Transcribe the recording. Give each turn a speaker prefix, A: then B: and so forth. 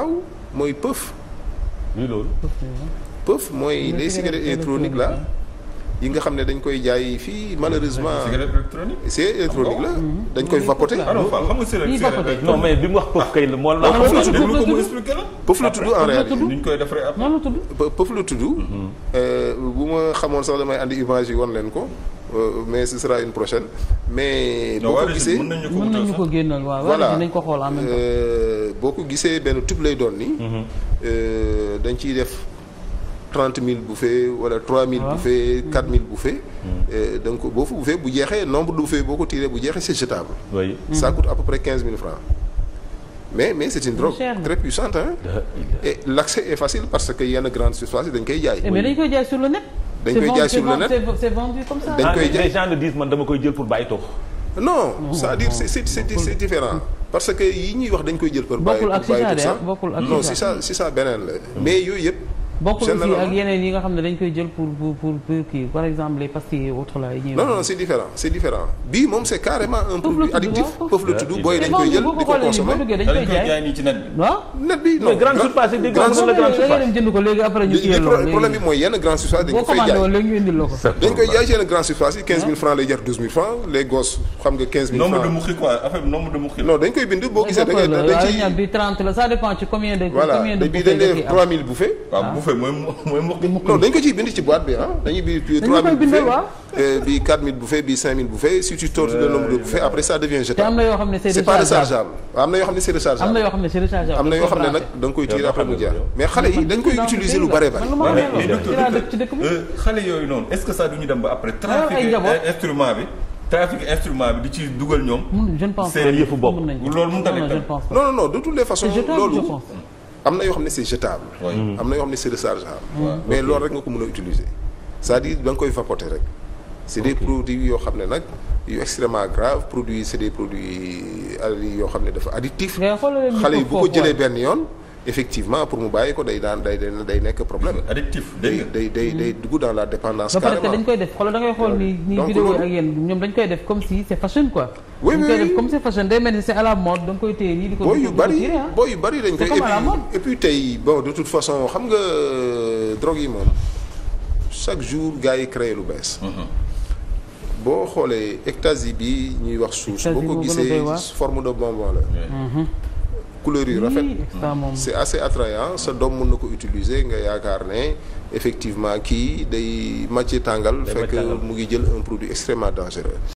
A: taw mooy pëf. luy loolu. mooy les cigarettes électroniques la yi nga xam ne dañ koy jaay fii malheureusement. cigarette électronique. c'est la. Ah dañ koy mmh. vapoter. Mmh. Ah alors xam nga cigarette non mais bi mu wax pëf la moo la. pëf ah, la ñu koy defaree après. noonu la tudd pëf la tudd. Mmh. Euh, bu ma xamoon sax damay andi image yi wan leen ko euh, mais ce sera une prochaine. mais boo ko gisee mën nañu
B: ko génnal waaw voilà dinañ ko xool en
A: boo ko gisee benn tube lay doon nii. Mhm. Euh, dañ ciy def trente mille bouffées wala trois mille ah. bouffées quatre mille bouffées. Mhm. Euh, donc boo fa bouffee bu jeexee nombre de bouffées boo ko tiree bu jeexee c'est jetable. oui ça mhm. coûte à peu près quinze mille francs. mais mais c'est une drogue très puissante hein. et l'accès est facile parce que yenn grande surface yi dañ koy jaay. Eh, mais dañ
B: koy jaay sur le net.
A: dañ koy jaay sur le net
B: dañ koy ah,
A: jaay man dama koy jël pour bàyyi toog. non parce que yi ñuy wax dañ koy jël. par bàyyi bokkul ak si saa ah, non si saa beneen la mais yooyu yëpp.
B: bokkul aussi nga xam ne dañ koy jël pour pour pour kii par exemple les pastilles autres là yi ñuy non
A: non c' différent c' différent bii moom c' carrément un produit la tudd booy dañ koy jël
B: di problème bi
A: mooy yenn grande surface dañ koy jaay ci yenn grande surface yi 15000 francs lay jar 12000 francs les gosses xam nga non dañ koy bind boo gisee dañ
B: ci 30 la ça dépend ci combien de combien de
A: bouffées 3000 fay mooy mooy dañ ko ciy bind ci boîte bi ah dañuy bind tuuti 3000 bouffées euh, bi 4000 bouffées bi 5000 bouffées si tu nombre de bouffées après ça devient jetable. te am na yoo xam ne c'est rechargeable am na yoo xam ne c'est rechargeable. am na yoo
B: xam ne c'est rechargeable. am na yoo xam ne nag
A: da nga koy tirer après mu jaar mais xale yi dañ koy utiliser lu bare mais euh, xale yooyu noonu est que ça du ñu dem ba après ah, instrument bi. trafic instrument bi di ci dugal ñoom. je yëfu bopp. am na yoo xam ne c'est jetable. Mm-hmm. am na yoo xam ne c'est rechargeable. mais loolu rek nga ko mën a utiliser. c'est-à-dire koy vapoter rek. c'est des produits yoo xam ne nag yu extrêmement grave produits c'est des produits euh, yoo xam ne dafa additif.
B: xale yi bu ko
A: benn yoon. effectivement pour mu bàyyi ko day daan day day nekk day day day mm-hmm. day dugg dans la da
B: ngay xool ni. donc loolu nii vidéo ak yéen ñoom dañ koy def comme si c'est fashion quoi. oui oui euh, oui comme c'est fashion day euh, koy téye yu bari
A: booy yu bari dañ koy. comme à tey bon de toute façon xam nga euh, drogue yi moom chaque jour gars yi créer lu bees. Mhm. boo xoolee ecstasy bi ñuy wax suus. boo ko gisee forme de bonbon la.
B: Mhm. couleur yu rafet. c'est
A: assez attrayant sa doom mun na ko utiliser nga yaakaar ne effectivement kii day màcce tàngal. fekk mu ngi jël un produit extrêmement dangereux.